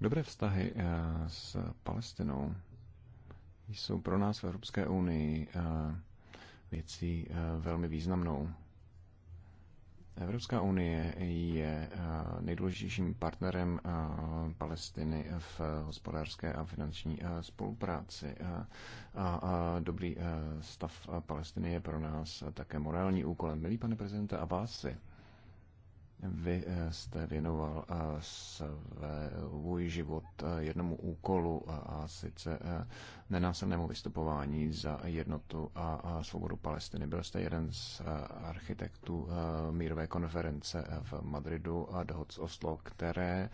Dobré vztahy eh, s Palestinou jsou pro nás v Evropské unii eh, věcí eh, velmi významnou. Evropská unie je nejdůležitějším partnerem Palestiny v hospodářské a finanční spolupráci. A dobrý stav Palestiny je pro nás také morální úkolem. Milý pane prezidente Abbasi, vy eh, jste věnoval eh, svůj život eh, jednomu úkolu a sice nenásilnému vystupování za jednotu a svobodu Palestiny. Byl jste jeden z architektů mírové konference v Madridu a dohod z Oslo, které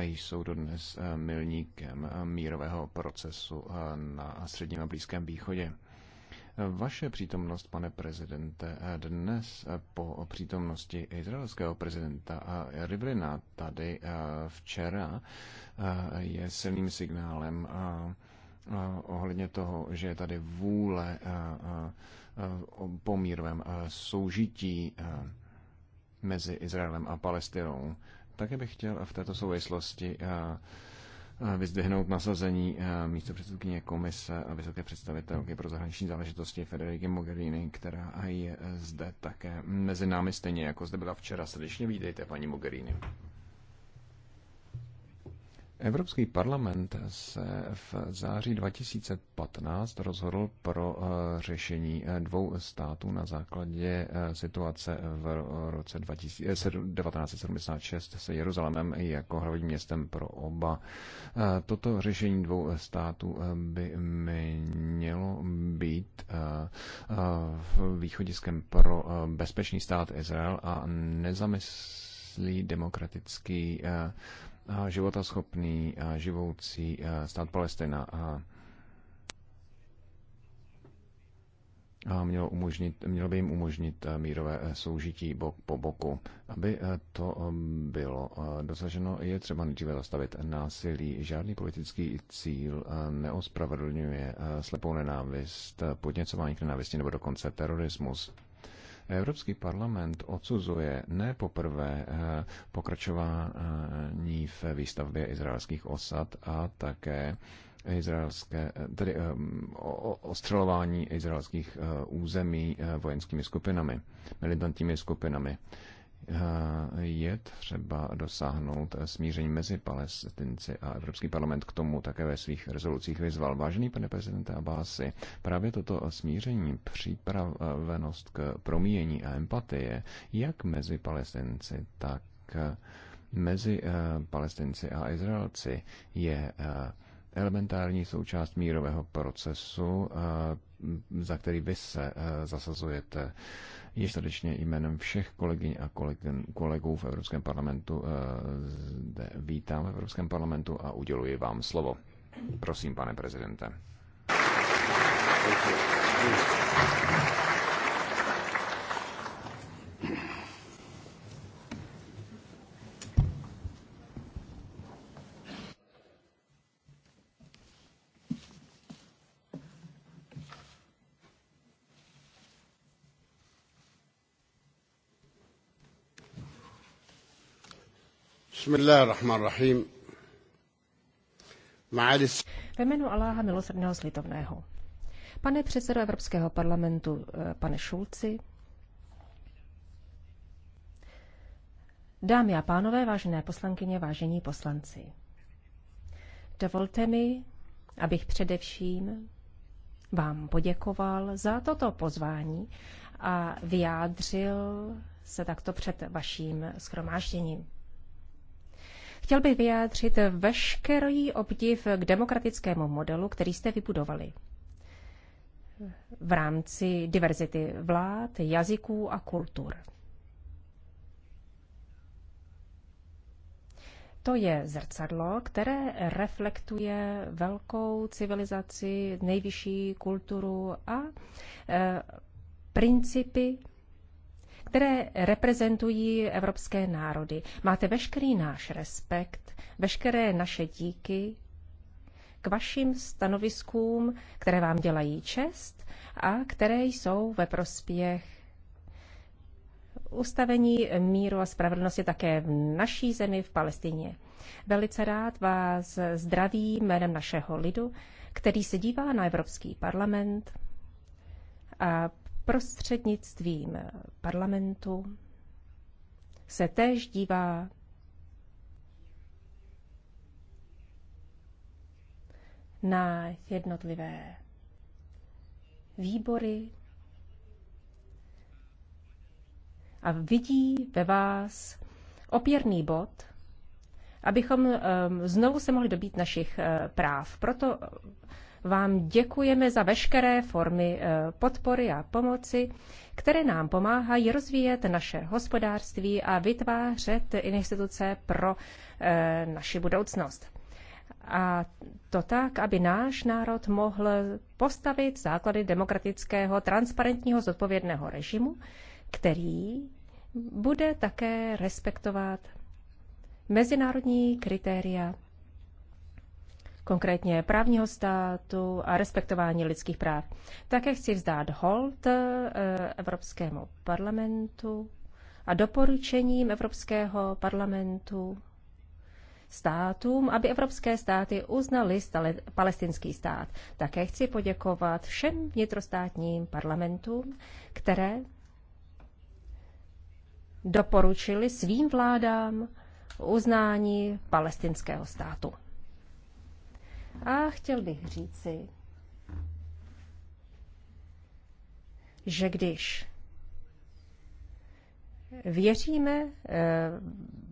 jsou dodnes milníkem mírového procesu na středním a blízkém východě. Vaše přítomnost, pane prezidente, dnes po přítomnosti izraelského prezidenta Rivlina tady eh, včera eh, je silným signálem eh, ohledně toho, že je tady vůle po mírovém soužití mezi Izraelem a Palestinou. Také bych chtěl v této souvislosti Eh, vyzdvihnout nasazení eh, místo předsedkyně komise a vysoké představitelky pro zahraniční záležitosti Federiky Mogherini, která je eh, zde také mezi námi stejně jako zde byla včera. Srdečně vítejte, paní Mogherini. Evropský parlament se v září 2015 rozhodl pro eh, řešení eh, dvou států na základě eh, situace v roce 1976 se Jeruzalémem jako hlavním městem pro oba. Toto řešení dvou států by mělo být východiskem pro bezpečný stát Izrael a nezamyslí demokratický životaschopný, živoucí stát Palestina a mělo, umožnit, mělo by jim umožnit mírové soužití bok po boku. Aby to bylo dosaženo, je třeba nejdříve zastavit násilí. Žádný politický cíl neospravedlňuje slepou nenávist, podněcování k nenávisti nebo dokonce terorismus. Evropský parlament odsuzuje ne poprvé eh, pokračování v výstavbě izraelských osad a také izraelské, eh, tedy eh, ostřelování izraelských území vojenskými skupinami, militantními skupinami je třeba dosáhnout smíření mezi palestinci a Evropský parlament k tomu také ve svých rezolucích vyzval. Vážený pane prezidente Abási, právě toto smíření, připravenost k promíjení a empatie, jak mezi palestinci, tak mezi eh, palestinci a Izraelci je eh, elementární součást mírového procesu, za který vy se zasazujete. Je srdečně jménem všech kolegyň a kolegů v Evropském parlamentu zde vítám v Evropském parlamentu a uděluji vám slovo. Prosím, pane prezidente. Thank you. بسم الله الرحمن الرحيم معالي Ve jménu Aláha milosrdného slitovného. Pane předsedo Evropského parlamentu, eh, pane Šulci, dámy a pánové, vážené poslankyně, vážení poslanci, dovolte mi, abych především vám poděkoval za toto pozvání a vyjádřil se takto před vaším schromážděním. Chtěl bych vyjádřit veškerý obdiv k demokratickému modelu, který jste vybudovali v rámci diverzity vlád, jazyků a kultur. To je zrcadlo, které reflektuje velkou civilizaci, nejvyšší kulturu a e, principy které reprezentují evropské národy. Máte veškerý náš respekt, veškeré naše díky k vašim stanoviskům, které vám dělají čest a které jsou ve prospěch ustavení míru a spravedlnosti také v naší zemi, v Palestině. Velice rád vás zdraví jménem našeho lidu, který se dívá na Evropský parlament a prostřednictvím parlamentu se též dívá na jednotlivé výbory a vidí ve vás opěrný bod, abychom ehm, znovu se mohli dobít našich eh, práv. Proto vám děkujeme za veškeré formy eh, podpory a pomoci, které nám pomáhají rozvíjet naše hospodářství a vytvářet instituce pro eh, naši budoucnost. A to tak, aby náš národ mohl postavit základy demokratického, transparentního, zodpovědného režimu, který bude také respektovat mezinárodní kritéria konkrétně právního státu a respektování lidských práv. Také chci vzdát hold eh, Evropskému parlamentu a doporučením Evropského parlamentu státům, aby evropské státy uznaly palestinský stát. Také chci poděkovat všem vnitrostátním parlamentům, které doporučili svým vládám uznání palestinského státu. A chtěl bych říci, že když věříme eh,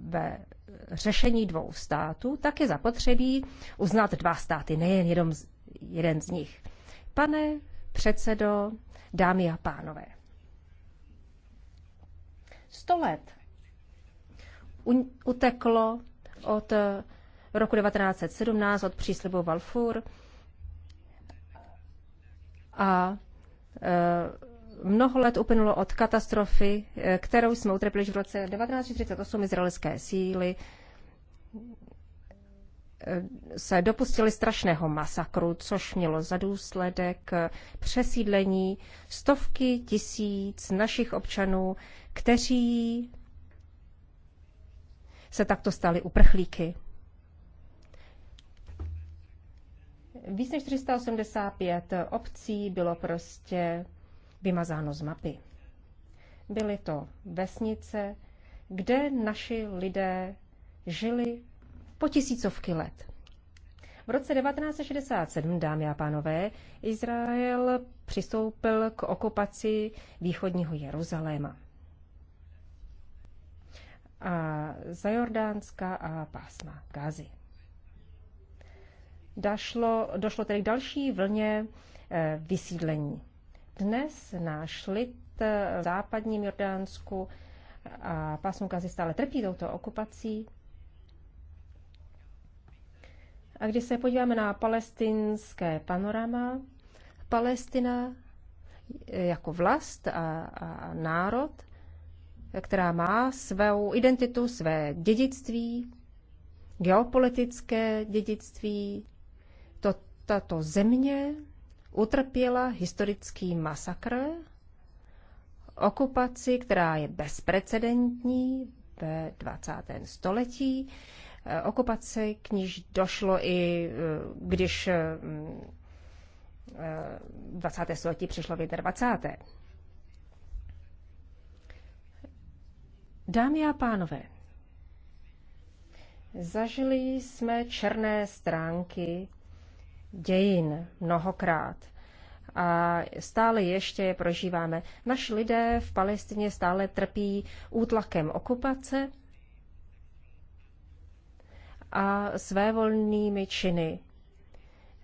ve řešení dvou států, tak je zapotřebí uznat dva státy, nejen jenom z, jeden z nich. Pane předsedo, dámy a pánové, sto let uteklo od roku 1917 od příslibu Valfur a e, mnoho let uplynulo od katastrofy, e, kterou jsme utrpěli v roce 1938 izraelské síly, e, se dopustili strašného masakru, což mělo za důsledek přesídlení stovky tisíc našich občanů, kteří se takto stali uprchlíky. Víc než 385 obcí bylo prostě vymazáno z mapy. Byly to vesnice, kde naši lidé žili po tisícovky let. V roce 1967, dámy a pánové, Izrael přistoupil k okupaci východního Jeruzaléma a za Jordánska a pásma Gazy došlo, došlo tedy k další vlně eh, vysídlení. Dnes náš lid eh, v západním Jordánsku a pásmu Gazy stále trpí touto okupací. A když se podíváme na palestinské panorama, Palestina eh, jako vlast a, a národ, která má svou identitu, své dědictví, geopolitické dědictví, tato země utrpěla historický masakr, okupaci, která je bezprecedentní ve 20. století, eh, okupaci, k níž došlo i eh, když 20. Eh, století přišlo v 20. Dámy a pánové, zažili jsme černé stránky dějin mnohokrát. A stále ještě je prožíváme. Naši lidé v Palestině stále trpí útlakem okupace a svévolnými činy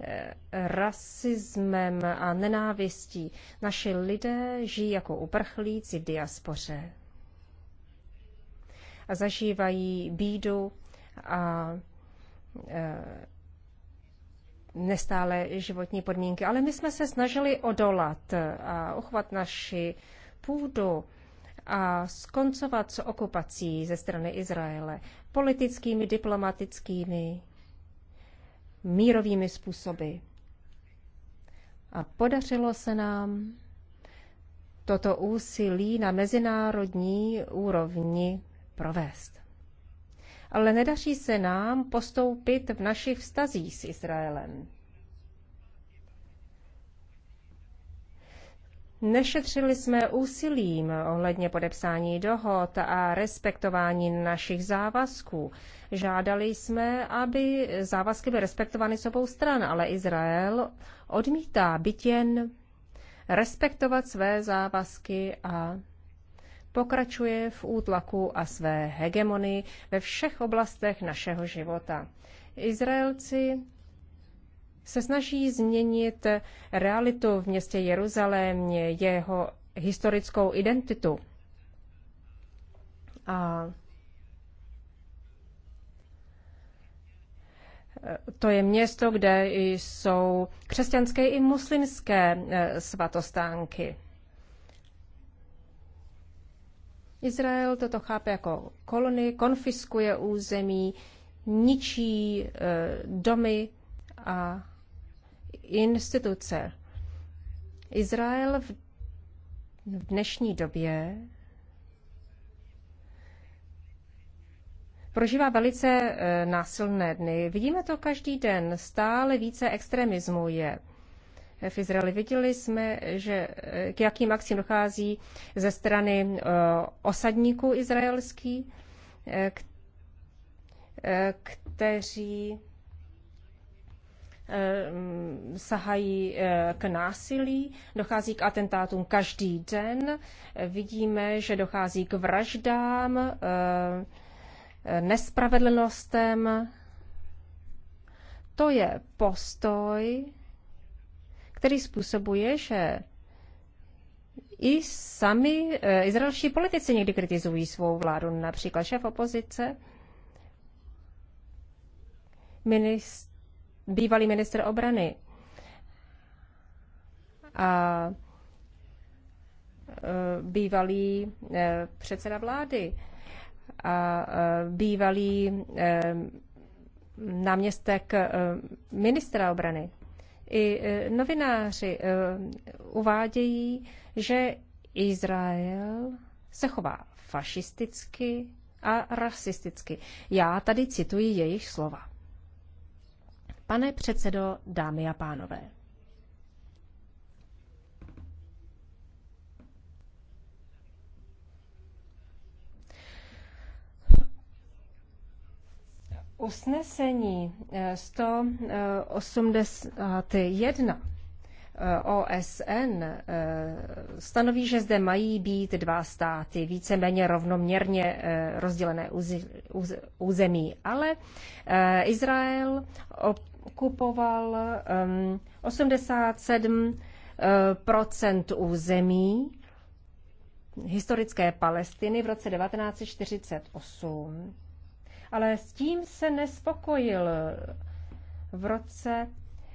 eh, rasismem a nenávistí. Naši lidé žijí jako uprchlíci v diaspoře a zažívají bídu a eh, nestále životní podmínky. Ale my jsme se snažili odolat a uchovat naši půdu a skoncovat s okupací ze strany Izraele politickými, diplomatickými, mírovými způsoby. A podařilo se nám toto úsilí na mezinárodní úrovni provést ale nedaří se nám postoupit v našich vztazích s Izraelem. Nešetřili jsme úsilím ohledně podepsání dohod a respektování našich závazků. Žádali jsme, aby závazky byly respektovány s obou stran, ale Izrael odmítá bytěn, respektovat své závazky a pokračuje v útlaku a své hegemonii ve všech oblastech našeho života. Izraelci se snaží změnit realitu v městě Jeruzalémě, jeho historickou identitu. A e, to je město, kde jsou křesťanské i muslimské e, svatostánky. Izrael toto chápe jako kolony, konfiskuje území, ničí eh, domy a instituce. Izrael v dnešní době prožívá velice eh, násilné dny. Vidíme to každý den. Stále více extremismu je v Izraeli. Viděli jsme, že k jakým akcím dochází ze strany e, osadníků izraelských, e, e, kteří sahají k násilí, dochází k atentátům každý den, vidíme, že dochází k vraždám, nespravedlnostem. To je postoj, který způsobuje, že i sami e, izraelští politici někdy kritizují svou vládu, například šéf opozice, ministr, bývalý minister obrany a e, bývalý e, předseda vlády a bývalý náměstek ministra obrany. I e, novináři e, uvádějí, že Izrael se chová fašisticky a rasisticky. Já tady cituji jejich slova. Pane předsedo, dámy a pánové, Usnesení 181 eh, OSN eh, eh, stanoví, že zde mají být dva státy, víceméně rovnoměrně rozdělené území, ale Izrael okupoval 87 území historické Palestiny v roce 1948 ale s tím se nespokojil. V roce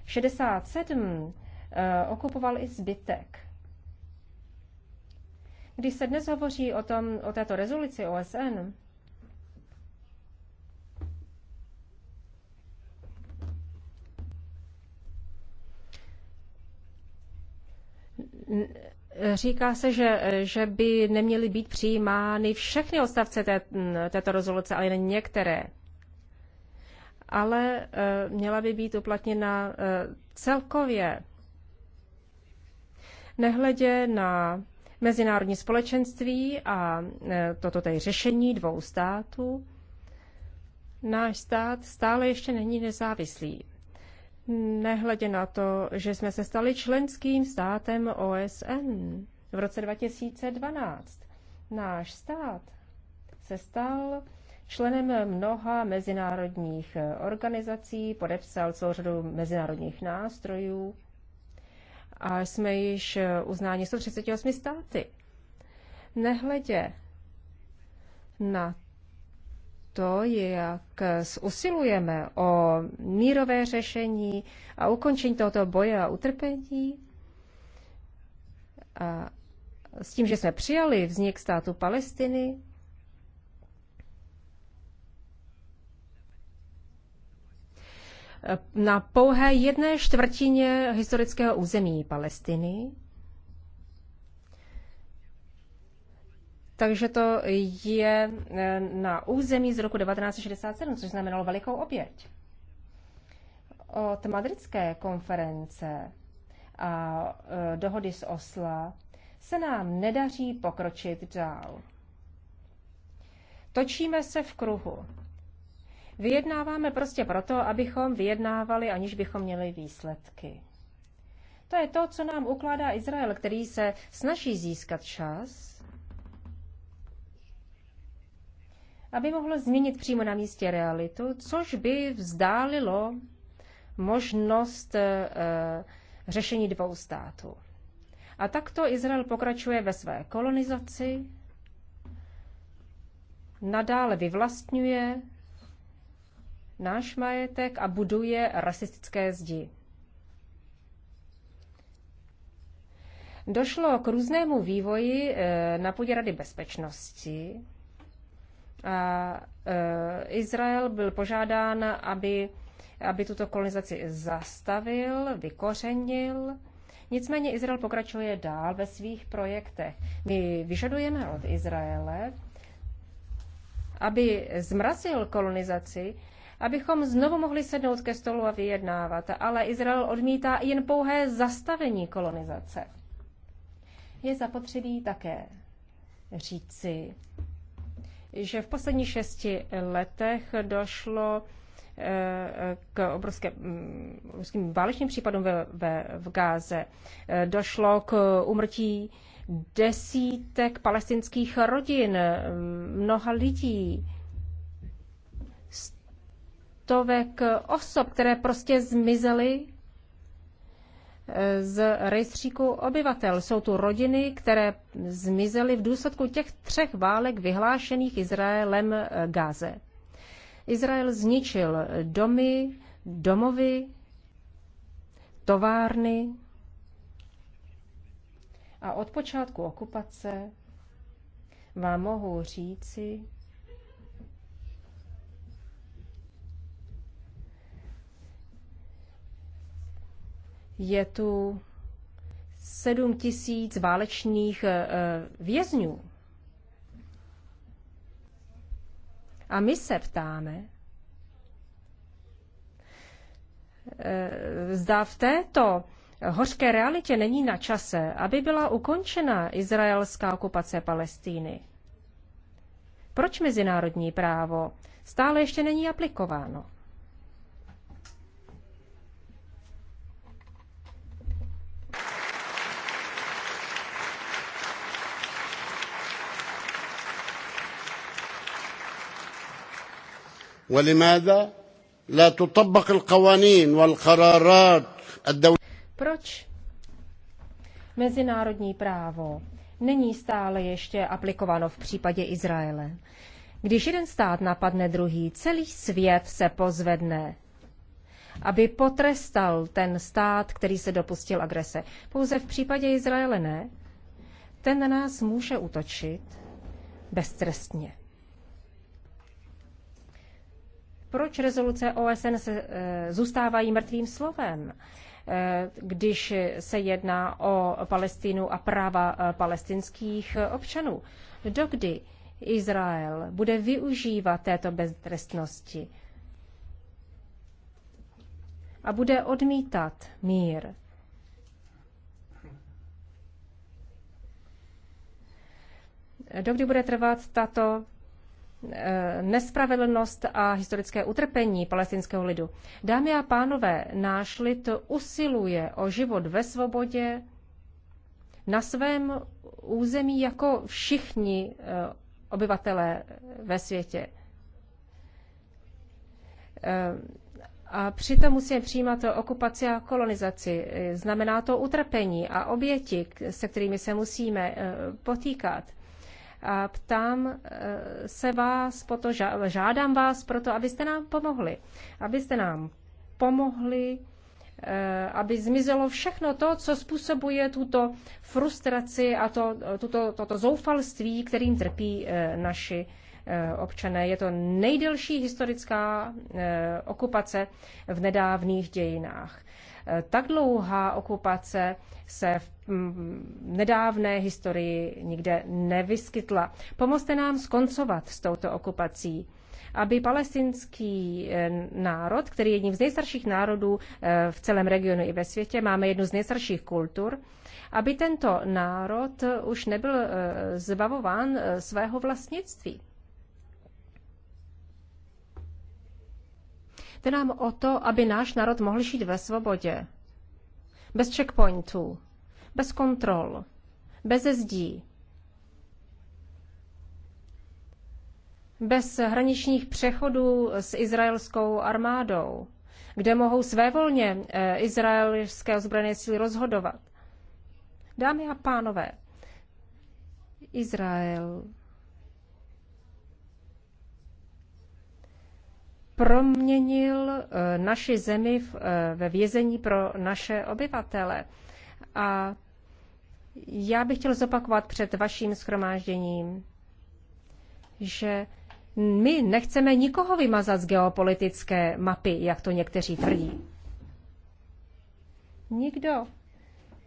67 eh, okupoval i zbytek. Když se dnes hovoří o, tom, o této rezoluci OSN, Říká se, že, že by neměly být přijímány všechny odstavce té, této rezoluce, ale jen některé. Ale e, měla by být uplatněna e, celkově, nehledě na mezinárodní společenství a e, toto tedy řešení dvou států. Náš stát stále ještě není nezávislý nehledě na to, že jsme se stali členským státem OSN v roce 2012. Náš stát se stal členem mnoha mezinárodních organizací, podepsal celou řadu mezinárodních nástrojů a jsme již uznáni 138 státy. Nehledě na to, jak usilujeme o mírové řešení a ukončení tohoto boje a utrpení, a s tím, že jsme přijali vznik státu Palestiny, na pouhé jedné čtvrtině historického území Palestiny, Takže to je e, na území z roku 1967, což znamenalo velikou oběť. Od madridské konference a e, dohody z Osla se nám nedaří pokročit dál. Točíme se v kruhu. Vyjednáváme prostě proto, abychom vyjednávali, aniž bychom měli výsledky. To je to, co nám ukládá Izrael, který se snaží získat čas aby mohlo změnit přímo na místě realitu, což by vzdálilo možnost eh, eh, řešení dvou států. A takto Izrael pokračuje ve své kolonizaci, nadále vyvlastňuje náš majetek a buduje rasistické zdi. Došlo k různému vývoji eh, na půdě Rady bezpečnosti a e, Izrael byl požádán, aby, aby tuto kolonizaci zastavil, vykořenil. Nicméně Izrael pokračuje dál ve svých projektech. My vyžadujeme od Izraele, aby zmrazil kolonizaci, abychom znovu mohli sednout ke stolu a vyjednávat. Ale Izrael odmítá jen pouhé zastavení kolonizace. Je zapotřebí také říci, že v posledních šesti letech došlo eh, k obrovské, mm, obrovským válečným případům ve, ve, v Gáze. Eh, došlo k umrtí desítek palestinských rodin, mm, mnoha lidí, stovek osob, které prostě zmizely z rejstříku obyvatel. Jsou tu rodiny, které zmizely v důsledku těch třech válek vyhlášených Izraelem eh, Gáze. Izrael zničil domy, domovy, továrny a od počátku okupace vám mohu říci, je tu 7 tisíc válečných eh, eh, vězňů. A my se ptáme, eh, zda v této hořké realitě není na čase, aby byla ukončena izraelská okupace Palestíny. Proč mezinárodní právo stále ještě není aplikováno? ولماذا لا تطبق القوانين والقرارات الدولية Proč mezinárodní právo není stále ještě aplikováno v případě Izraele? Když jeden stát napadne druhý, celý svět se pozvedne, aby potrestal ten stát, který se dopustil agrese. Pouze v případě Izraele ne. Ten na nás může útočit beztrestně. Proč rezoluce OSN se, e, zůstávají mrtvým slovem, e, když se jedná o Palestinu a práva e, palestinských občanů? Dokdy Izrael bude využívat této beztrestnosti a bude odmítat mír? Dokdy bude trvat tato Eh, nespravedlnost a historické utrpení palestinského lidu. Dámy a pánové, náš lid usiluje o život ve svobodě na svém území jako všichni eh, obyvatelé ve světě. Eh, a přitom musíme přijímat okupaci a kolonizaci. Znamená to utrpení a oběti, se kterými se musíme potýkat. A ptám eh, se vás, proto, žádám vás proto, abyste nám pomohli. Abyste nám pomohli, eh, aby zmizelo všechno to, co způsobuje tuto frustraci a to, tuto, toto zoufalství, kterým trpí eh, naši občané. Je to nejdelší historická okupace v nedávných dějinách. Tak dlouhá okupace se v nedávné historii nikde nevyskytla. Pomozte nám skoncovat s touto okupací aby palestinský e, národ, který je jedním z nejstarších národů e, v celém regionu i ve světě, máme jednu z nejstarších kultur, aby tento národ už nebyl e, zbavován svého vlastnictví. Jde nám o to, aby náš národ mohl žít ve svobodě, bez checkpointů, bez kontrol, bez zdí, bez hraničních přechodů s izraelskou armádou, kde mohou svévolně eh, izraelské ozbrojené síly rozhodovat. Dámy a pánové, Izrael proměnil eh, naši zemi eh, ve vězení pro naše obyvatele. A já bych chtěl zopakovat před vaším schromážděním, že my nechceme nikoho vymazat z geopolitické mapy, jak to někteří tvrdí. Nikdo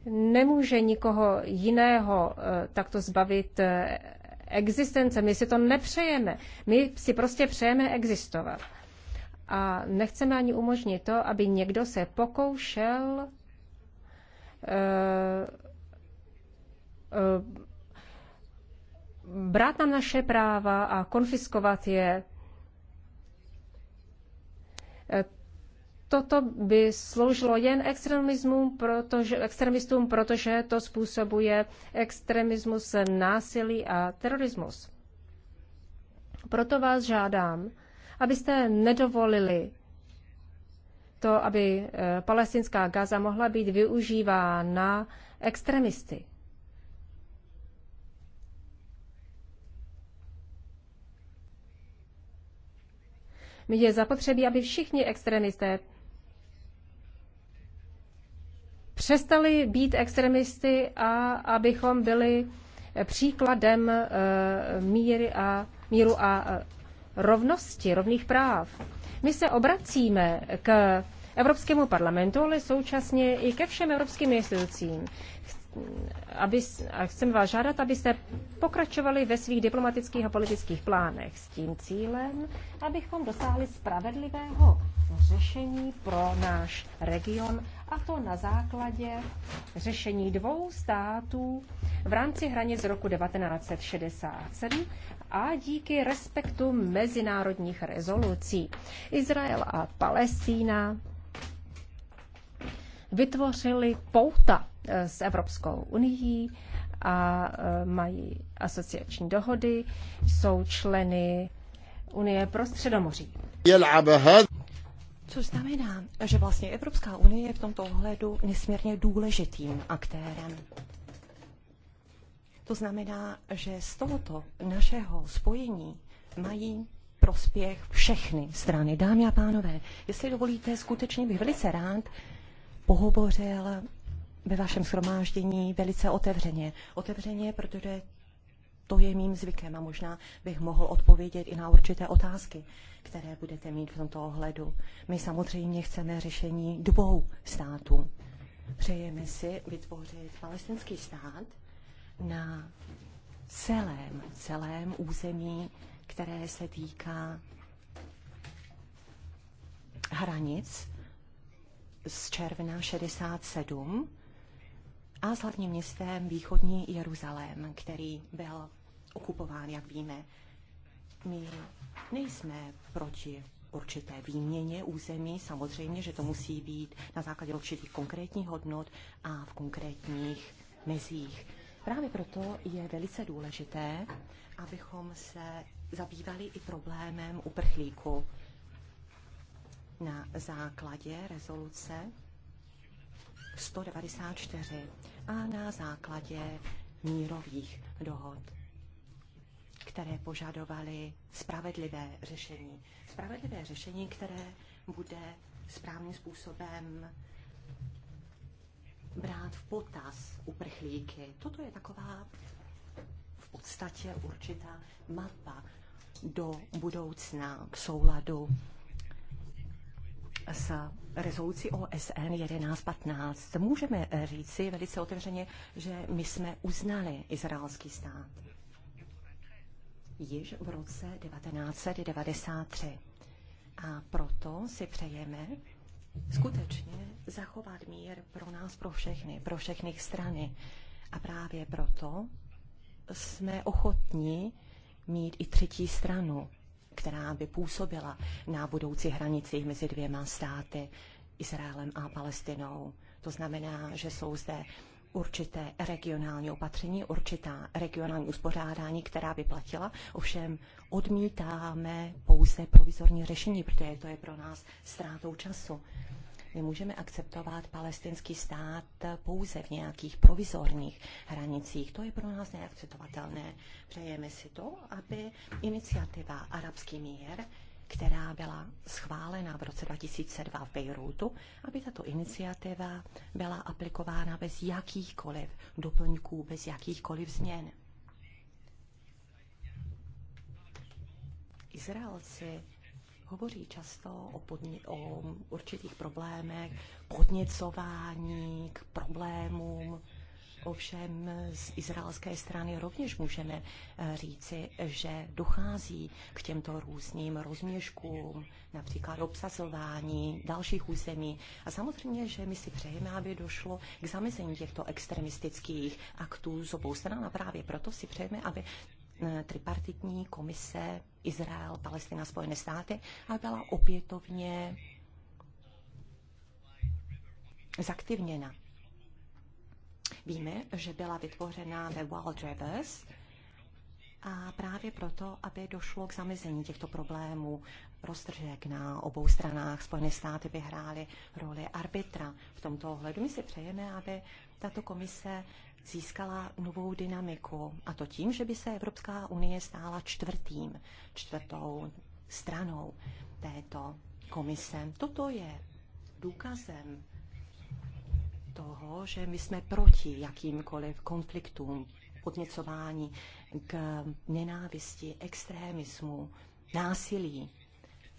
nemůže nikoho jiného eh, takto zbavit eh, existence. My si to nepřejeme. My si prostě přejeme existovat. A nechceme ani umožnit to, aby někdo se pokoušel Eh, eh, brát nám naše práva a konfiskovat je. Eh, toto by sloužilo jen extremismu, protože, extremistům, protože to způsobuje extremismus, násilí a terorismus. Proto vás žádám, abyste nedovolili to, aby eh, palestinská Gaza mohla být využívána extremisty. Je zapotřebí, aby všichni extremisté přestali být extremisty a abychom byli příkladem eh, míry a, míru a eh, rovnosti, rovných práv. My se obracíme k Evropskému parlamentu, ale současně i ke všem evropským institucím. Aby, a chcem vás žádat, abyste pokračovali ve svých diplomatických a politických plánech s tím cílem, abychom dosáhli spravedlivého řešení pro náš region a to na základě řešení dvou států v rámci hranic roku 1967 a díky respektu mezinárodních rezolucí. Izrael a Palestína vytvořili pouta eh, s Evropskou unii a eh, mají asociační dohody, jsou členy Unie pro Středomoří. Což znamená, že vlastně Evropská unie je v tomto ohledu nesmírně důležitým aktérem. To znamená, že z tohoto našeho spojení mají prospěch všechny strany. Dámy a pánové, jestli dovolíte, skutečně bych velice rád pohovořil ve vašem shromáždění velice otevřeně. Otevřeně, protože to je mým zvykem a možná bych mohl odpovědět i na určité otázky, které budete mít v tomto ohledu. My samozřejmě chceme řešení dvou států. Přejeme si vytvořit palestinský stát na celém, celém území, které se týká hranic z června 67 a s hlavním městem východní Jeruzalém, který byl okupován, jak víme. My nejsme proti určité výměně území. Samozřejmě, že to musí být na základě určitých konkrétních hodnot a v konkrétních mezích. Právě proto je velice důležité, abychom se zabývali i problémem uprchlíku na základě rezoluce 194 a na základě mírových dohod které požadovaly spravedlivé řešení. Spravedlivé řešení, které bude správným způsobem brát v potaz uprchlíky. Toto je taková v podstatě určitá mapa do budoucna v souladu s rezolucí OSN 1115. Můžeme říci velice otevřeně, že my jsme uznali izraelský stát již v roce 1993. A proto si přejeme skutečně zachovat mír pro nás, pro všechny, pro všechny strany. A právě proto jsme ochotní mít i třetí stranu, která by působila na budoucí hranicích mezi dvěma státy, Izraelem a Palestinou. To znamená, že jsou zde určité regionální opatření, určitá regionální uspořádání, která by platila. Ovšem odmítáme pouze provizorní řešení, protože to je pro nás ztrátou času. můžeme akceptovat palestinský stát pouze v nějakých provizorních hranicích. To je pro nás neakceptovatelné. Přejeme si to, aby iniciativa Arabský mír která byla schválena v roce 2002 v Bejrútu, aby tato iniciativa byla aplikována bez jakýchkoliv doplňků, bez jakýchkoliv změn. Izraelci hovoří často o, podni- o určitých problémech, podněcování k problémům Ovšem z izraelské strany rovněž můžeme eh, říci, že dochází k těmto různým rozměškům, například obsazování dalších území. A samozřejmě, že my si přejeme, aby došlo k zamezení těchto extremistických aktů z obou stran a právě proto si přejeme, aby eh, tripartitní komise Izrael, Palestina, Spojené státy, a byla opětovně zaktivněna. Víme, že byla vytvořena ve Wild Rivers a právě proto, aby došlo k zamezení těchto problémů, roztržek na obou stranách. Spojené státy by hrály roli arbitra. V tomto ohledu my si přejeme, aby tato komise získala novou dynamiku. A to tím, že by se Evropská unie stála čtvrtým, čtvrtou stranou této komise. Toto je důkazem toho, že my jsme proti jakýmkoliv konfliktům, podněcování k nenávisti, extrémismu, násilí.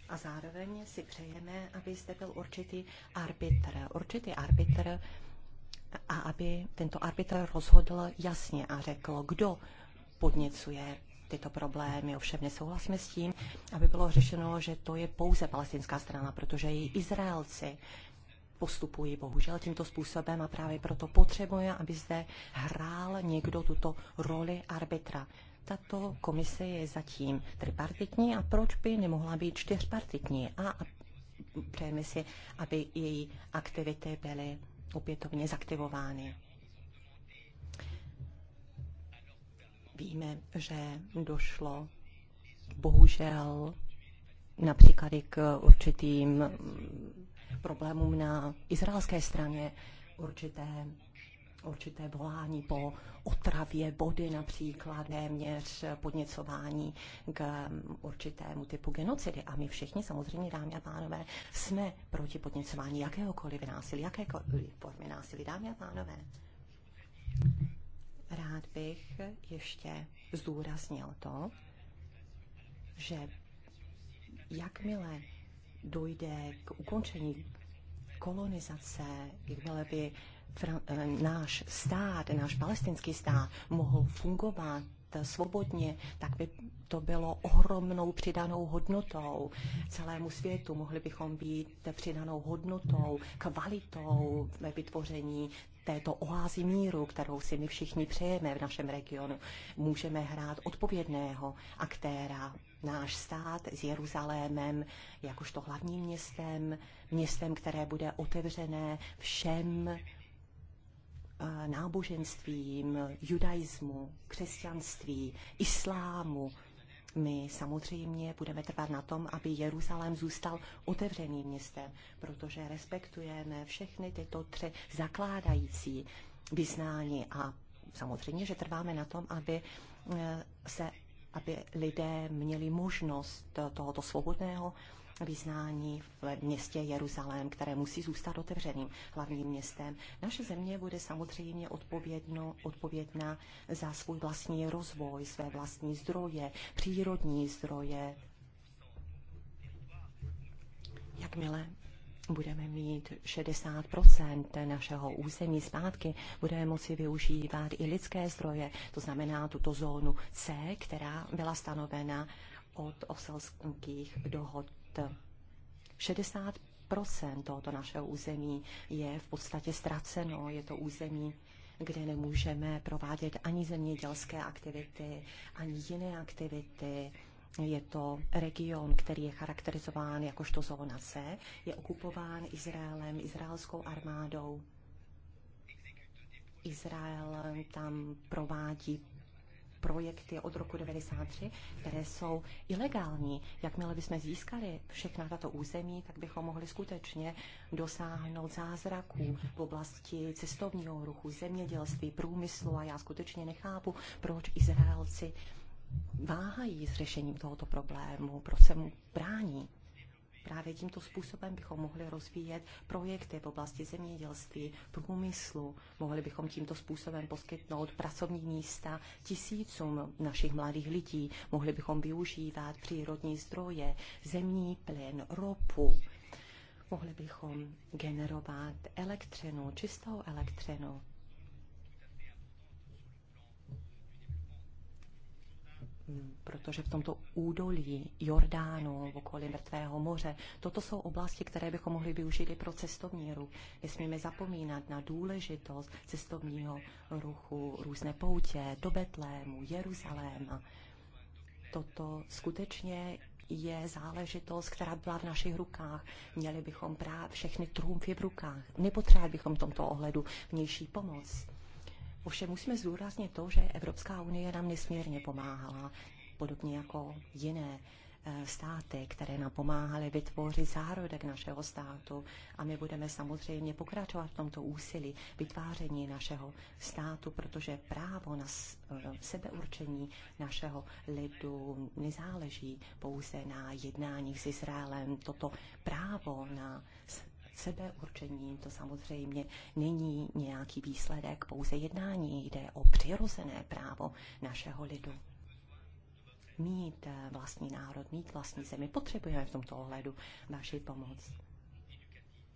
A zároveň si přejeme, aby zde byl určitý arbitr. Určitý arbitr a aby tento arbitr rozhodl jasně a řekl, kdo podněcuje tyto problémy. Ovšem nesouhlasíme s tím, aby bylo řešeno, že to je pouze palestinská strana, protože i Izraelci postupují bohužel tímto způsobem a právě proto potřebuje, aby zde hrál někdo tuto roli arbitra. Tato komise je zatím tripartitní a proč by nemohla být čtyřpartitní a, přejeme si, aby její aktivity byly opětovně zaktivovány. Víme, že došlo bohužel například k určitým problémům na izraelské straně, určité, určité volání po otravě vody například, téměř podněcování k určitému typu genocidy. A my všichni samozřejmě, dámy a pánové, jsme proti podněcování jakéhokoliv násilí, jakékoliv formy násilí, dámy a pánové. Rád bych ještě zdůraznil to, že jakmile dojde k ukončení kolonizace, jakmile by eh, náš stát, náš palestinský stát mohl fungovat svobodně, tak by to bylo ohromnou přidanou hodnotou celému světu. Mohli bychom být přidanou hodnotou, kvalitou ve vytvoření této oázy míru, kterou si my všichni přejeme v našem regionu. Můžeme hrát odpovědného aktéra náš stát s Jeruzalémem jakožto hlavním městem, městem, které bude otevřené všem eh, náboženstvím, judaismu, křesťanství, islámu. My samozřejmě budeme trvat na tom, aby Jeruzalém zůstal otevřeným městem, protože respektujeme všechny tyto tři zakládající vyznání a samozřejmě, že trváme na tom, aby eh, se aby lidé měli možnost tohoto svobodného vyznání v městě Jeruzalém, které musí zůstat otevřeným hlavním městem. Naše země bude samozřejmě odpovědno, odpovědná za svůj vlastní rozvoj, své vlastní zdroje, přírodní zdroje. Jakmile budeme mít 60 našeho území zpátky, budeme moci využívat i lidské zdroje, to znamená tuto zónu C, která byla stanovena od oselských dohod. 60 tohoto našeho území je v podstatě ztraceno, je to území, kde nemůžeme provádět ani zemědělské aktivity, ani jiné aktivity, je to region, který je charakterizován jakožto zóna C, je okupován Izraelem, izraelskou armádou. Izrael tam provádí projekty od roku 1993, které jsou ilegální. Jakmile bychom získali všechna tato území, tak bychom mohli skutečně dosáhnout zázraků v oblasti cestovního ruchu, zemědělství, průmyslu a já skutečně nechápu, proč Izraelci váhají s řešením tohoto problému, proč se mu brání. Právě tímto způsobem bychom mohli rozvíjet projekty v oblasti zemědělství, průmyslu. Mohli bychom tímto způsobem poskytnout pracovní místa tisícům našich mladých lidí. Mohli bychom využívat přírodní zdroje, zemní plyn, ropu. Mohli bychom generovat elektřinu, čistou elektřinu protože v tomto údolí Jordánu, v okolí Mrtvého moře, toto jsou oblasti, které bychom mohli využít i pro cestovní ruch. Nesmíme zapomínat na důležitost cestovního ruchu, různé poutě, do Betlému, Jeruzaléma. Toto skutečně je záležitost, která byla v našich rukách. Měli bychom právě všechny trumfy v rukách. Nepotřebovali bychom v tomto ohledu vnější pomoc. Ovšem musíme zdůraznit to, že Evropská unie nám nesmírně pomáhala, podobně jako jiné eh, státy, které nám pomáhaly vytvořit zárodek našeho státu a my budeme samozřejmě pokračovat v tomto úsilí vytváření našeho státu, protože právo na eh, sebeurčení našeho lidu nezáleží pouze na jednáních s Izraelem. Toto právo na sebeurčením. To samozřejmě není nějaký výsledek, pouze jednání. Jde o přirozené právo našeho lidu. Mít eh, vlastní národ, mít vlastní zemi. Potřebujeme v tomto ohledu vaši pomoc.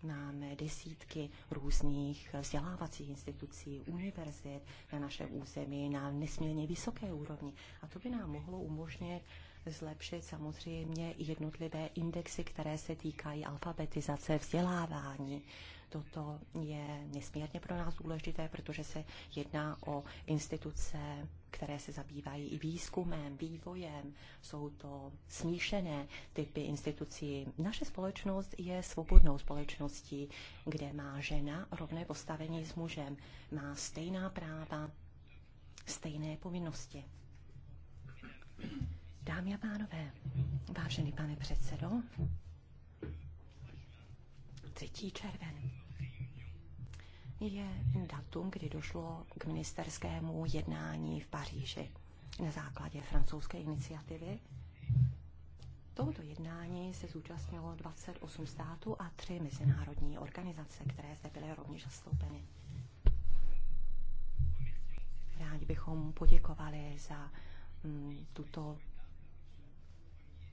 Máme desítky různých vzdělávacích institucí, univerzit na našem území na nesmírně vysoké úrovni. A to by nám mohlo umožnit zlepšit samozřejmě jednotlivé indexy, které se týkají alfabetizace vzdělávání. Toto je nesmírně pro nás důležité, protože se jedná o instituce, které se zabývají i výzkumem, vývojem. Jsou to smíšené typy institucí. Naše společnost je svobodnou společností, kde má žena rovné postavení s mužem, má stejná práva, stejné povinnosti. Dámy a pánové, vážený pane předsedo, 3. červen je datum, kdy došlo k ministerskému jednání v Paříži na základě francouzské iniciativy. Tohoto jednání se zúčastnilo 28 států a tři mezinárodní organizace, které zde byly rovněž zastoupeny. Rádi bychom poděkovali za mm, tuto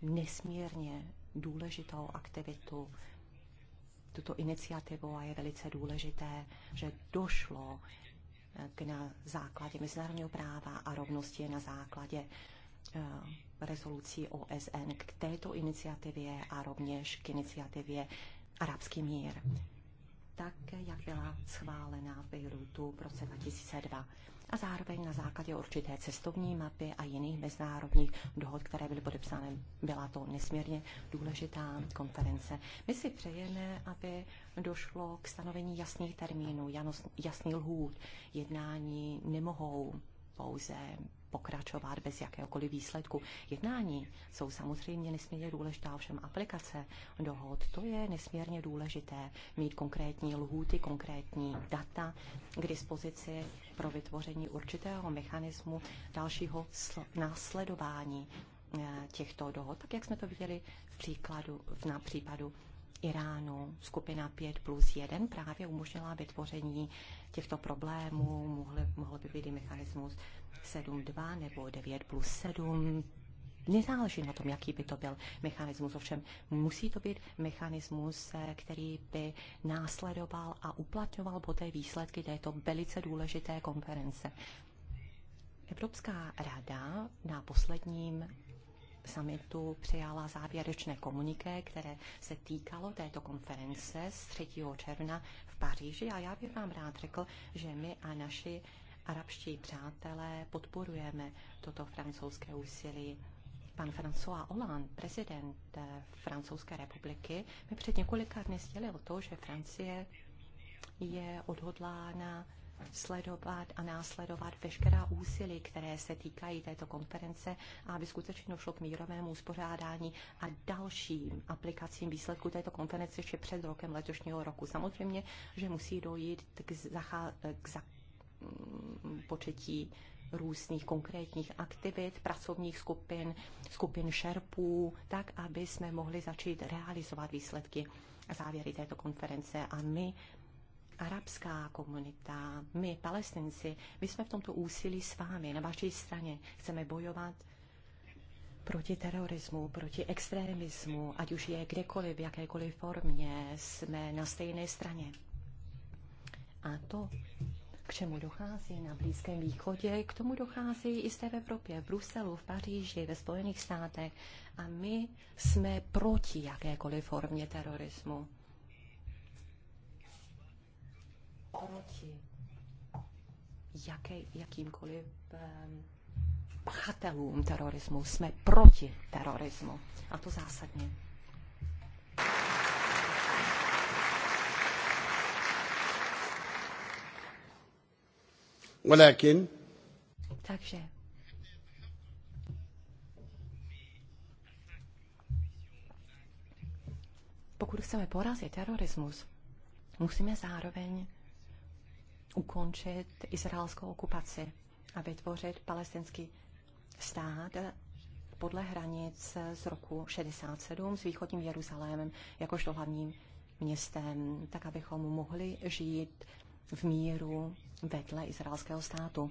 nesmírně důležitou aktivitu, tuto iniciativu a je velice důležité, že došlo eh, k na základě mezinárodního práva a rovnosti na základě eh, rezolucí OSN k této iniciativě a rovněž k iniciativě Arabský mír tak, jak byla schválena v Beirutu v roce 2002 a zároveň na základě určité cestovní mapy a jiných mezinárodních dohod, které byly podepsány, byla to nesmírně důležitá konference. My si přejeme, aby došlo k stanovení jasných termínů, jasných lhůt. Jednání nemohou pouze pokračovat bez jakéhokoliv výsledku. Jednání jsou samozřejmě nesmírně důležitá, ovšem aplikace dohod, to je nesmírně důležité mít konkrétní lhůty, konkrétní data k dispozici pro vytvoření určitého mechanismu dalšího následování eh, těchto dohod, tak jak jsme to viděli v příkladu, na případu Iránu skupina 5 plus 1 právě umožnila vytvoření těchto problémů, mohl, mohl by být i mechanismus 2 nebo 9 plus 7. Nezáleží na tom, jaký by to byl mechanismus, ovšem musí to být mechanismus, eh, který by následoval a uplatňoval poté výsledky této velice důležité konference. Evropská rada na posledním summitu přijala závěrečné komuniké, které se týkalo této konference z 3. června v Paříži a já bych vám rád řekl, že my a naši arabští přátelé podporujeme toto francouzské úsilí. Pan François Hollande, prezident eh, Francouzské republiky, mi před několika dny sdělil to, že Francie je odhodlána sledovat a následovat veškerá úsilí, které se týkají této konference, aby skutečně došlo k mírovému uspořádání a dalším aplikacím výsledku této konference ještě před rokem letošního roku. Samozřejmě, že musí dojít k, zachá- k, za- Mm, početí různých konkrétních aktivit, pracovních skupin, skupin šerpů, tak, aby jsme mohli začít realizovat výsledky a závěry této konference. A my, arabská komunita, my, palestinci, my jsme v tomto úsilí s vámi, na vaší straně. Chceme bojovat proti terorismu, proti extremismu, ať už je kdekoliv, v jakékoliv formě, jsme na stejné straně. A to čemu dochází na Blízkém východě, k tomu dochází i zde v Evropě, v Bruselu, v Paříži, ve Spojených státech. A my jsme proti jakékoliv formě terorismu. Proti jaké, jakýmkoliv um, pachatelům terorismu. Jsme proti terorismu. A to zásadně. ولكن Takže. Pokud chceme porazit terorismus, musíme zároveň ukončit izraelskou okupaci a vytvořit palestinský stát podle hranic z roku 67 s východním Jeruzalémem jakožto hlavním městem, tak abychom mohli žít v míru vedle izraelského státu.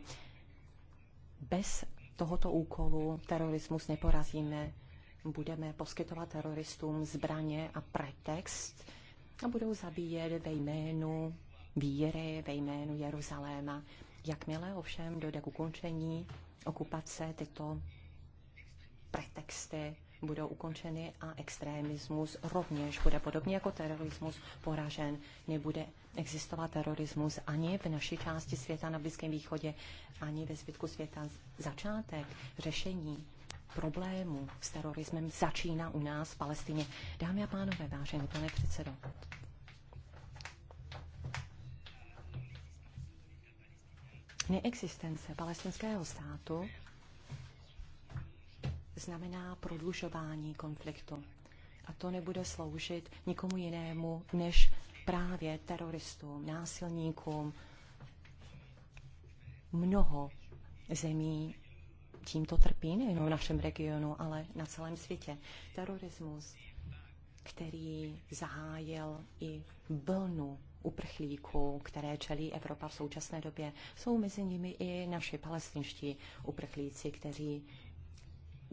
Bez tohoto úkolu terorismus neporazíme. Budeme poskytovat teroristům zbraně a pretext a budou zabíjet ve jménu víry, ve jménu Jeruzaléma. Jakmile ovšem dojde k ukončení okupace, tyto pretexty budou ukončeny a extremismus rovněž bude podobně jako terorismus poražen. Nebude existovat terorismus ani v naší části světa na Blízkém východě, ani ve zbytku světa. Začátek řešení problému s terorismem začíná u nás v Palestině. Dámy a pánové, vážený pane předsedo. Neexistence palestinského státu znamená prodlužování konfliktu. A to nebude sloužit nikomu jinému než právě teroristům, násilníkům. Mnoho zemí tímto trpí nejenom v našem regionu, ale na celém světě. Terorismus, který zahájil i vlnu uprchlíků, které čelí Evropa v současné době. Jsou mezi nimi i naši palestinští uprchlíci, kteří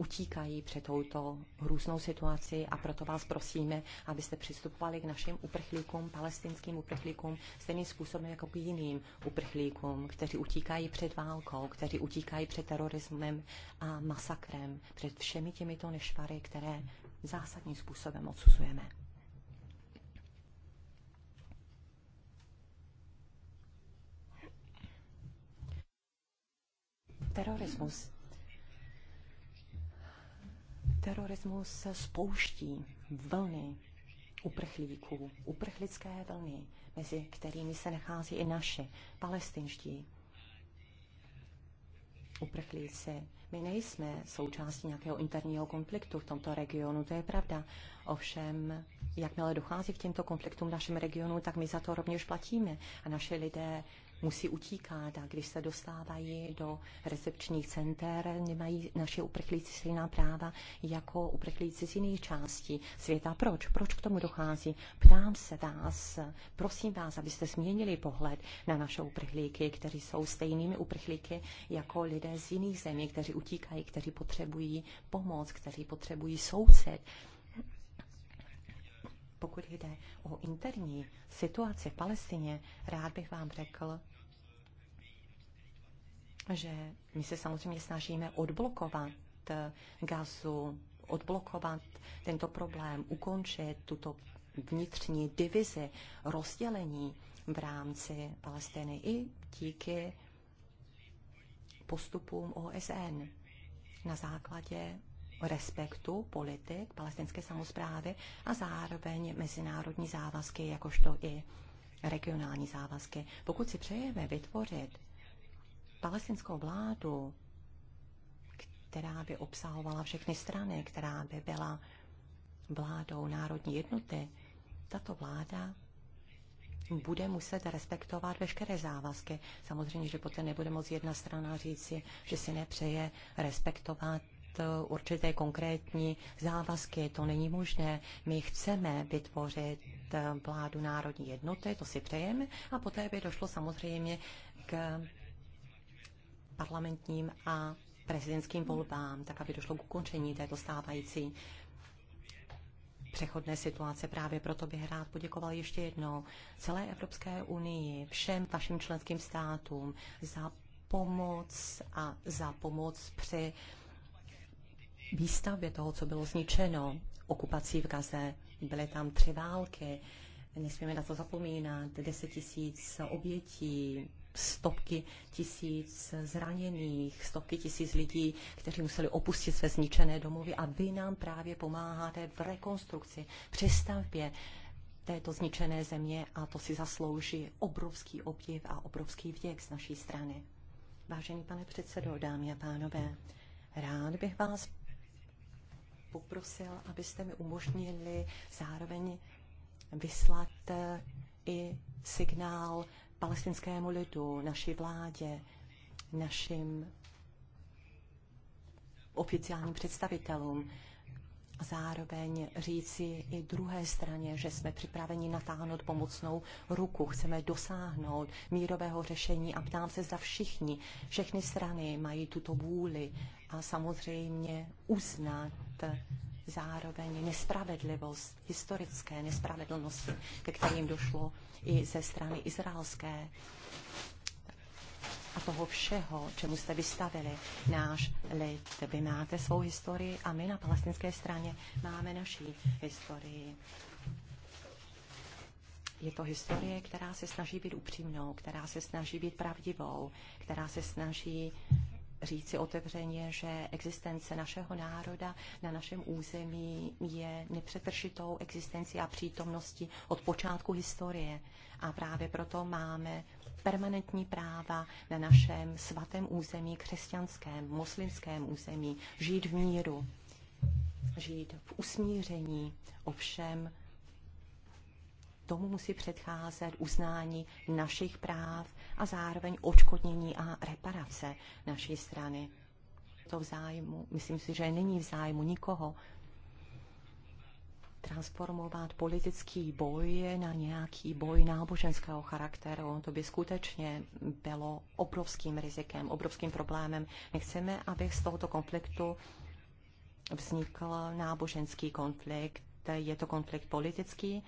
utíkají před touto hrůznou situací a proto vás prosíme, abyste přistupovali k našim uprchlíkům, palestinským uprchlíkům, stejným způsobem jako k jiným uprchlíkům, kteří utíkají před válkou, kteří utíkají před terorismem a masakrem, před všemi těmito nešvary, které zásadním způsobem odsuzujeme. Terorismus Terorismus spouští vlny uprchlíků, uprchlické vlny, mezi kterými se nachází i naši, palestinští uprchlíci. My nejsme součástí nějakého interního konfliktu v tomto regionu, to je pravda. Ovšem, jakmile dochází k těmto konfliktům v našem regionu, tak my za to rovněž platíme. A naše lidé musí utíkat a když se dostávají do recepčních center, nemají naše uprchlíci stejná práva jako uprchlíci z jiných částí světa. Proč? Proč k tomu dochází? Ptám se vás, prosím vás, abyste změnili pohled na naše uprchlíky, kteří jsou stejnými uprchlíky jako lidé z jiných zemí, kteří utíkají, kteří potřebují pomoc, kteří potřebují soucit, pokud jde o interní situaci v Palestině, rád bych vám řekl, že my se samozřejmě snažíme odblokovat eh, gazu, odblokovat tento problém, ukončit tuto vnitřní divizi, rozdělení v rámci Palestiny i díky postupům OSN na základě respektu politik palestinské samozprávy a zároveň mezinárodní závazky, jakožto i regionální závazky. Pokud si přejeme vytvořit palestinskou vládu, která by obsahovala všechny strany, která by byla vládou národní jednoty, tato vláda bude muset respektovat veškeré závazky. Samozřejmě, že poté nebude moc jedna strana říci, že si nepřeje respektovat eh, určité konkrétní závazky. To není možné. My chceme vytvořit eh, vládu národní jednoty, to si přejeme, a poté by došlo samozřejmě k parlamentním a prezidentským volbám, tak aby došlo k ukončení této stávající přechodné situace. Právě proto bych rád poděkoval ještě jednou celé Evropské unii, všem vašim členským státům za pomoc a za pomoc při výstavbě toho, co bylo zničeno okupací v Gaze. Byly tam tři války, nesmíme na to zapomínat, 10 tisíc obětí, stovky tisíc zraněných, stovky tisíc lidí, kteří museli opustit své zničené domovy a vy nám právě pomáháte v rekonstrukci, přestavbě této zničené země a to si zaslouží obrovský obdiv a obrovský vděk z naší strany. Vážený pane předsedo, dámy a pánové, rád bych vás poprosil, abyste mi umožnili zároveň vyslat i signál palestinskému lidu, naší vládě, našim oficiálním představitelům. A zároveň říci i druhé straně, že jsme připraveni natáhnout pomocnou ruku, chceme dosáhnout mírového řešení a ptám se, zda všichni, všechny strany mají tuto vůli a samozřejmě uznat zároveň nespravedlivost, historické nespravedlnosti, ke kterým došlo i ze strany izraelské a toho všeho, čemu jste vystavili náš lid. Vy máte svou historii a my na palestinské straně máme naší historii. Je to historie, která se snaží být upřímnou, která se snaží být pravdivou, která se snaží říci otevřeně, že existence našeho národa na našem území je nepřetržitou existenci a přítomností od počátku historie. A právě proto máme permanentní práva na našem svatém území, křesťanském, muslimském území, žít v míru, žít v usmíření, ovšem tomu musí předcházet uznání našich práv, a zároveň očkodnění a reparace naší strany. To v zájmu, myslím si, že není v zájmu nikoho transformovat politický boj na nějaký boj náboženského charakteru. To by skutečně bylo obrovským rizikem, obrovským problémem. Nechceme, chceme, aby z tohoto konfliktu vznikl náboženský konflikt. Je to konflikt politický,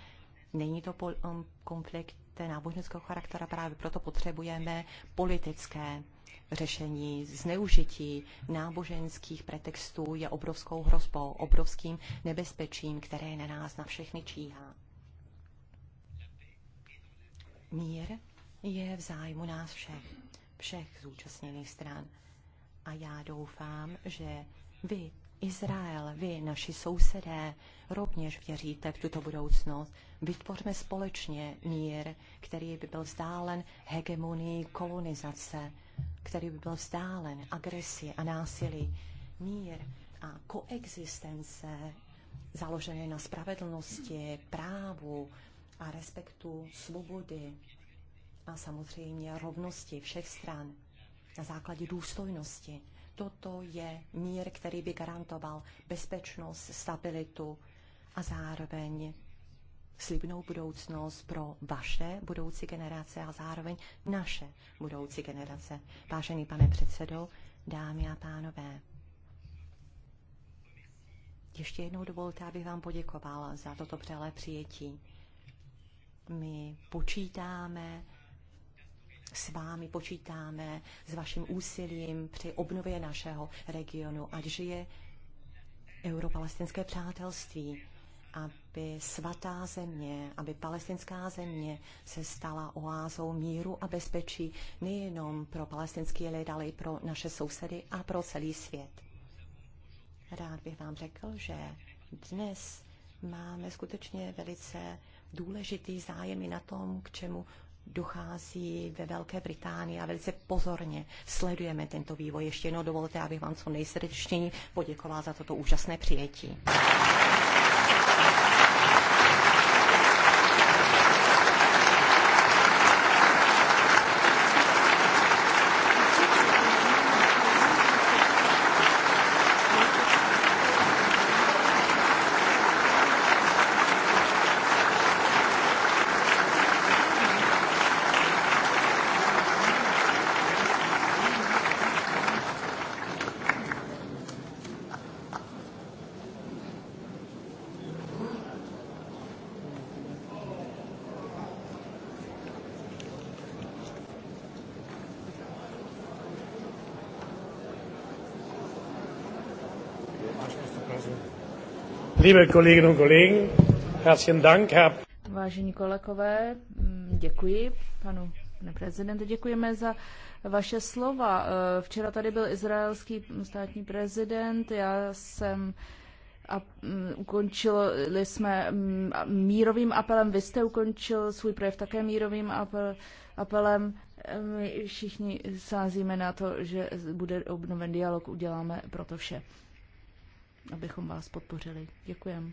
není to pol- um, konflikt náboženského charakteru, právě proto potřebujeme politické řešení zneužití náboženských pretextů je obrovskou hrozbou, obrovským nebezpečím, které na nás na všechny číhá. Mír je v zájmu nás všech, všech zúčastněných stran. A já doufám, že vy Izrael, vy, naši sousedé, rovněž věříte v tuto budoucnost. Vytvořme společně mír, který by byl vzdálen hegemonii kolonizace, který by byl vzdálen agresi a násilí. Mír a koexistence založené na spravedlnosti, právu a respektu svobody a samozřejmě rovnosti všech stran na základě důstojnosti toto je mír, který by garantoval bezpečnost, stabilitu a zároveň slibnou budoucnost pro vaše budoucí generace a zároveň naše budoucí generace. Vážený pane předsedo, dámy a pánové, ještě jednou dovolte, abych vám poděkovala za toto přelé přijetí. My počítáme s vámi počítáme, s vaším úsilím při obnově našeho regionu, ať žije europalestinské přátelství, aby svatá země, aby palestinská země se stala oázou míru a bezpečí nejenom pro palestinský lid, ale i pro naše sousedy a pro celý svět. Rád bych vám řekl, že dnes máme skutečně velice důležitý zájem i na tom, k čemu dochází ve Velké Británii a velice pozorně sledujeme tento vývoj. Ještě jednou dovolte, abych vám co nejsrdečněji poděkovala za toto úžasné přijetí. Vážení kolegové, mm, děkuji panu pane prezidente, děkujeme za vaše slova. Eh, včera tady byl izraelský státní prezident, já jsem a mm, ukončili jsme mm, mírovým apelem, vy jste ukončil svůj projev také mírovým apel, apelem. Eh, my všichni sázíme na to, že bude obnoven dialog, uděláme proto vše abychom vás podpořili. Děkujeme.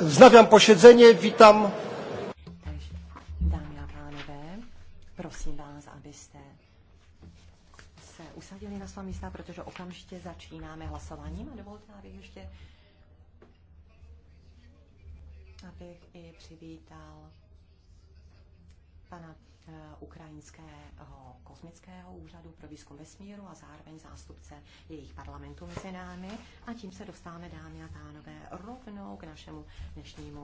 Wznawiam posiedzenie, witam. Dámy a pánové, prosím vás, abyste se usadili na svá místa, protože okamžitě začínáme hlasováním a dovolte, abych ještě abych i přivítal pana Eh, ukrajinského kosmického úřadu pro výzkum vesmíru a zároveň zástupce jejich parlamentu mezi námi. A tím se dostáváme, dámy a pánové, rovnou k našemu dnešnímu